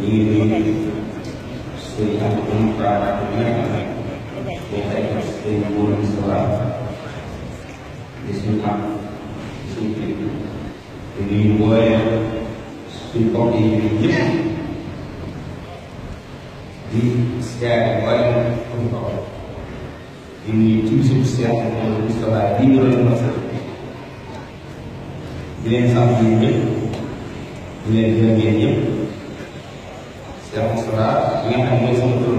ñu ngi nuyu suñu Amadou Mourtada bi nga xam ne moo fekk suñu Mourou Moustapha di suñu am suñu kilifa di nuyu mbooleem suñu mbokk yi ñëpp di siyaare mbooleem suñu mbokk di nuyu ci suñu siyaare Mourou Moustapha di ñu doon mos di leen sant ñun ñëpp di leen gërëm ñëpp nga xam mooy sama tur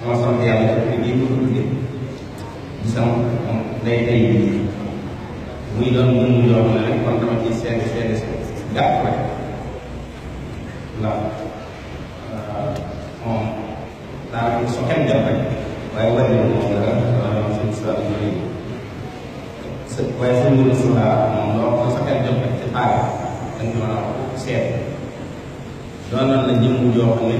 sama sant yàlla ci tur bii ko tuddee di sama day tey bii muy doon mën yoo xam ne rek kon dama ci seen seen gàtt rek ndax moom daanaka su xel dem rek waaye war nañu moom dara dara seen sa yooyu waaye seen mbiru si laa moom loo ko sa xel dem rek ci taal dañ ko mën a seet doonoon na jëmm joo xam ne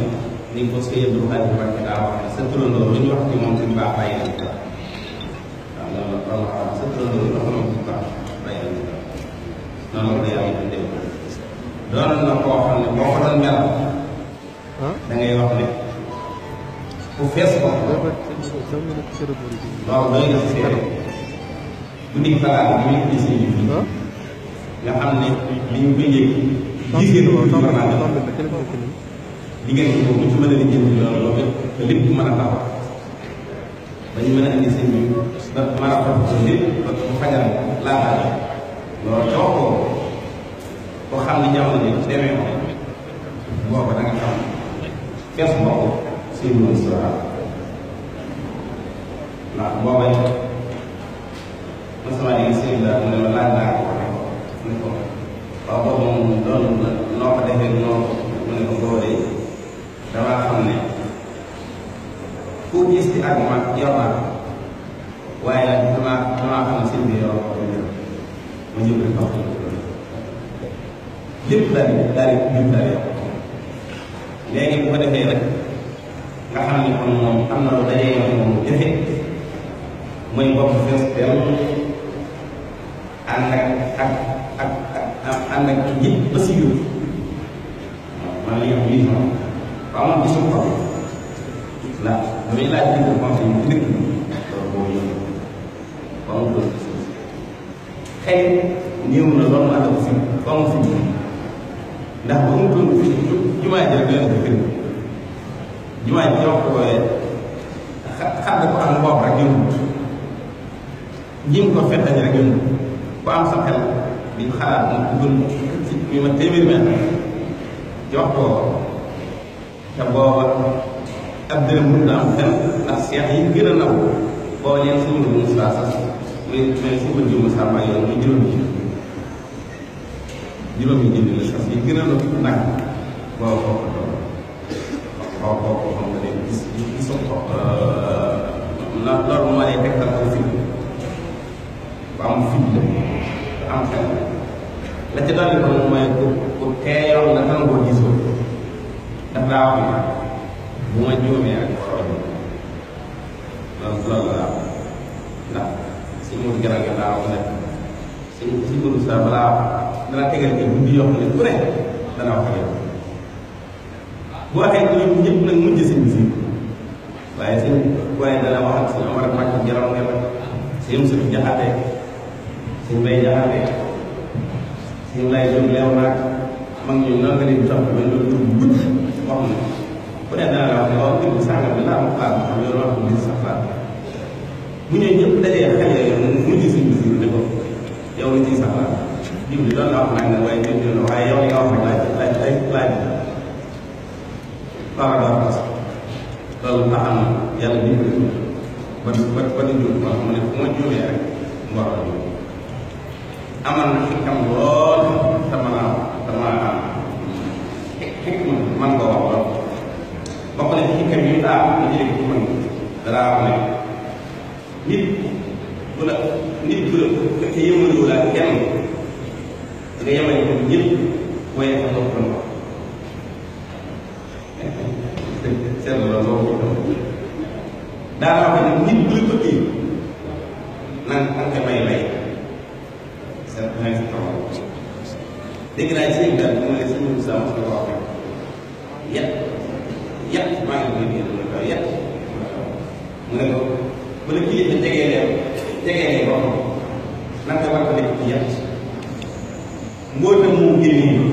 ni ko sëñ Abdou Khadre Mbacké daa wax ne sa turandoo lu ñu wax ci moom ci mbaax bàyyi la ko waaw loolu la wax sa turandoo lu wax moom ci mbaax bàyyi la ko noonu la yàlla dundee ko doonoon na koo xam ne boo ko doon mel da ngay wax ne ku fees ko loolu doy na seere guddi falaat bi muy gis nga xam ne li ñu bëggee lii ngeen ko mën a li ngeen ko moom ci mën a lijjanti loolu loolu lépp mën a taw ba ñu mën a indi seen bi ba mën a topp sa lépp ba mu fajal laata loolu ca wax ko ko xam ne jamono ji demee ko boobu da nga xam fees boobu seen mën si waaw ndax ma sama dégg seen la mu ne ma laaj naa ko ko waaw boobu moom loolu noo ko defee noo mu ne ko boobu de damaa xam ne ku gis di ak mag yor naa ko waaye nag damaa damaa xam ne sëñ bi yor ko ma ñëw rek wax lépp daal di daal di jub daal yokk léegi bu ko defee rek nga xam ne kon moom am na lu dajee yoon moom jafe muy bopp fees del ànd ak ak ak ànd ak ñëpp ba si yóbbu man li am lii noonu waaw man gisuma ko ndax damay laaj li nga conseil yi dëkk bi loolu boo yëngu ba mu doon xëy néew na loolu laa ko si ba mu si ndax ba mu doon fi jumaa ji rek ko gën jumaa ji ko xam nga ko am bopp rek yëngu ñim ko fettal rek yëngu ku am sa xel di ko xalaat mu dugal ci mi ma téeméer mel jox ko te booba ab dërëm bu am dem ndax seex yi gën a naw boo leen si mën a Moussa sax muy muy si mën a Moussa Mbaye yoon muy juróomi juróomi jënd la sax yi gën a naw nag boo ko ko doon boo ko ko xam nga ne gis gis ko loolu moo lay tegtal ko fi ba am fi la am xel la ca dolli ko moom mooy ku ku teeyoon la nangoo gisoo daf daa wax ne bu ma juumee ak borom loolu loolu la ndax daa wax ne suñ suñ mur sa balaa dana waaye seen waaye dana wax ak suñu Omar ak Mbacke Diarra suñ bay jaxate suñ lay jóg leew naag mag ñu noonu nga leen topp bañ doon tudd gudd wax na ku ne dana la wax ne waaw diw sànga bi laa ma faat xam yoon wax bi sax faat bu ñëw ñëpp dajee xale yooyu mujj suñ bis ne ko yow lu ciy sax faat diw li doon la wax nag waaye diw di waaye yow li nga wax rek laaj laaj laaj laaj paradoxe loolu tax am yàlla dimbali ba ba ba di jur ma xam ne am lool te mën a te mën a am xëy man nga wax lool bokk na ci xikam yi daa am na ci mën danaa wax ne nit nit bu la fekke yëmaliwu ko ñëpp waaye sa bopp la seetlu la loolu daa wax ne nit bu la bëggee nan an dégg naa ci seen gàtt mu ne suñu musaa mos na ko wax yàq yàq maa ngi koy déglu mu ne ko yàq mu ne ko bu la kilifa tegee leen tegee leen wax naka war ko nekk ci yàq mbootam mu génnee